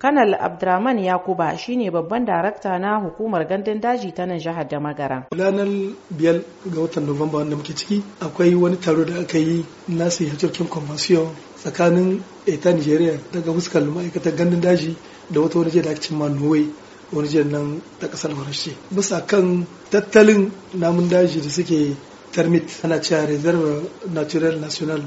kanal abdraman yakuba shine babban darakta na hukumar gandun daji ta nan jihar da magara ranar biyar ga watan nuwamba wanda muke ciki akwai wani taro da aka yi na sihirtokin convention tsakanin eta nigeria daga fuskar ma'aikatar gandun daji da wata wani da ake wani jiya nan ta kasar farashe bisa kan tattalin namun daji da suke termit ana cewa reserve natural national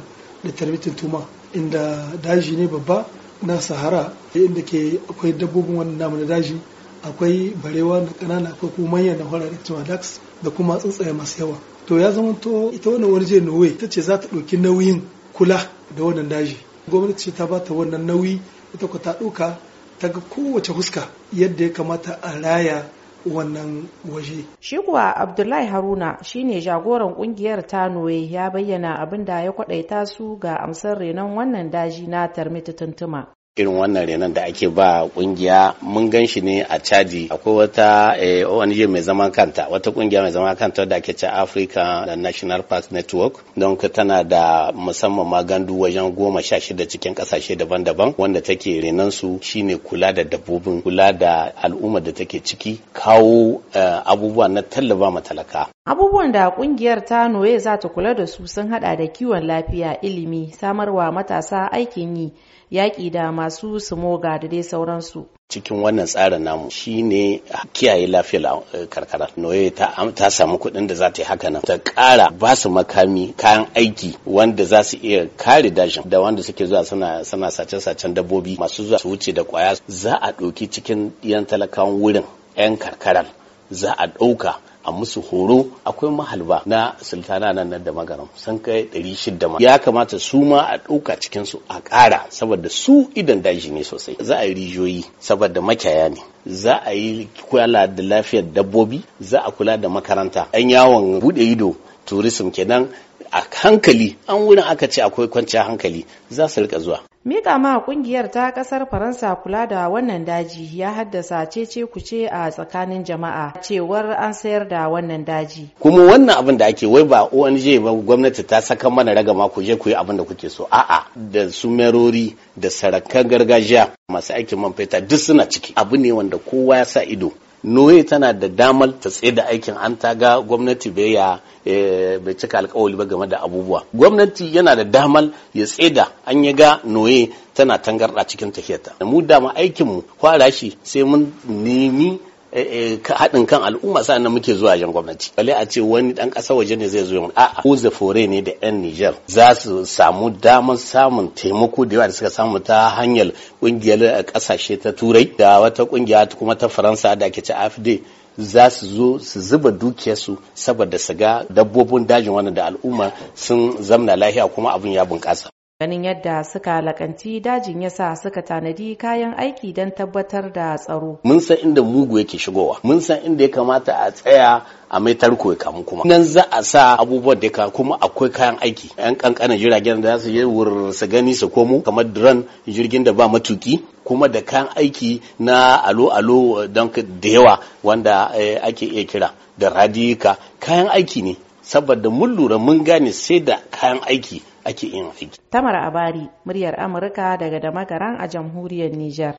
da termitin tuma inda daji ne babba na sahara inda ke akwai dabbobin wannan namu na daji akwai barewa na kanana akwai kuma manyan na horar dax da kuma tsuntsaye masu yawa to ya zama to ita wannan warje norway ita ce za ta ɗauki nauyin kula da wannan daji gwamnati ce ta bata wannan nauyi ita ku ta ɗauka ta ga kowace huska yadda ya kamata a raya wannan waje. Shi kuwa Abdullahi Haruna shine jagoran kungiyar tanoe ya bayyana abin da ya kwadaita su ga amsar renon wannan daji na tarmiti tuntuma. irin wannan renon da ake ba kungiya mun gan shi ne a chadi akwai wata eh, ONG mai zaman kanta wata kungiya mai zaman kanta da ake ce Africa National Park Network don tana da musamman ma gandu wajen goma sha shida cikin kasashe daban-daban wanda take renon su shine kula da dabbobin kula da al'ummar da take ciki kawo eh, abubuwa na tallaba matalaka Abubuwan da kungiyar ta noye za ta kula da su sun hada da kiwon lafiya, ilimi, samarwa matasa aikin yi, yaƙi da masu sumoga da dai sauransu. Cikin wannan tsarin namu shine kiyaye lafiyar eh, karkara. Noye ta, samu kuɗin da za ta yi haka nan. Ta ƙara ba su makami kayan aiki wanda za su iya kare dajin da wanda suke zuwa suna sana sace-sacen dabbobi masu zuwa su wuce da ƙwaya za a ɗauki cikin 'yan talakawan wurin 'yan karkara za a ɗauka a musu horo akwai mahalba na sultana nan da magaram sun kai 600 ma ya kamata su ma a ɗauka cikinsu a ƙara saboda su idan daji ne sosai za a yi rijiyoyi saboda makiyaya ne za a yi kula da lafiyar dabbobi za a kula da makaranta an yawon bude ido tourism kenan a hankali an wurin aka ce akwai kwanciyar hankali za su rika zuwa Mika ma kungiyar ta kasar Faransa kula da wannan daji ya haddasa cece kuce a tsakanin jama'a cewar an sayar da wannan daji. Kuma wannan abin da ake wai ba ONG ba gwamnati ta saka mana ragama ku je ku yi abin da kuke so. A'a da su merori da sarakan gargajiya masu aikin man fetur duk suna ciki. Abu ne wanda kowa ya sa ido. noye tana da damar ta tsaye da aikin an ta ga gwamnati bai ya eh, bai cika alkawali ba game da abubuwa gwamnati yana da damar ya tsaye da an ya ga noye tana tangarɗa cikin tafiyarta mu dama aikinmu kwara shi sai mun nemi Eh, haɗin kan al'umma sa'an muke zuwa wajen gwamnati bale a ce wani ɗan ƙasa waje ne zai zo yawon a'a ko zafore ne da 'yan Nijar za su samu damar samun taimako da yawa da suka samu ta hanyar ƙungiyar eh, ƙasashe ta Turai da wata ƙungiya kuma ta Faransa da ake ci afde za su zo su zuba dukiyarsu saboda su ga dabbobin dajin wannan da al'umma sun zamna lahiya kuma abin ya bunƙasa. ganin yadda suka lakanci dajin ya sa suka tanadi kayan aiki don tabbatar da tsaro mun san inda mugu yake shigowa mun san inda ya kamata a tsaya a mai tarko ya kamu kuma nan za a sa abubuwan da ka kuma akwai kayan aiki yan kankanan jiragen da su yi wurin su gani su komo kamar duran jirgin da ba matuki kuma da kayan aiki na alo alo don da yawa wanda eh, ake iya kira da radika kayan aiki ne saboda mun lura mun gane sai da kayan aiki ake yin fiki. Tamar Abari, muryar Amurka daga Damagaran a jamhuriyar Nijar.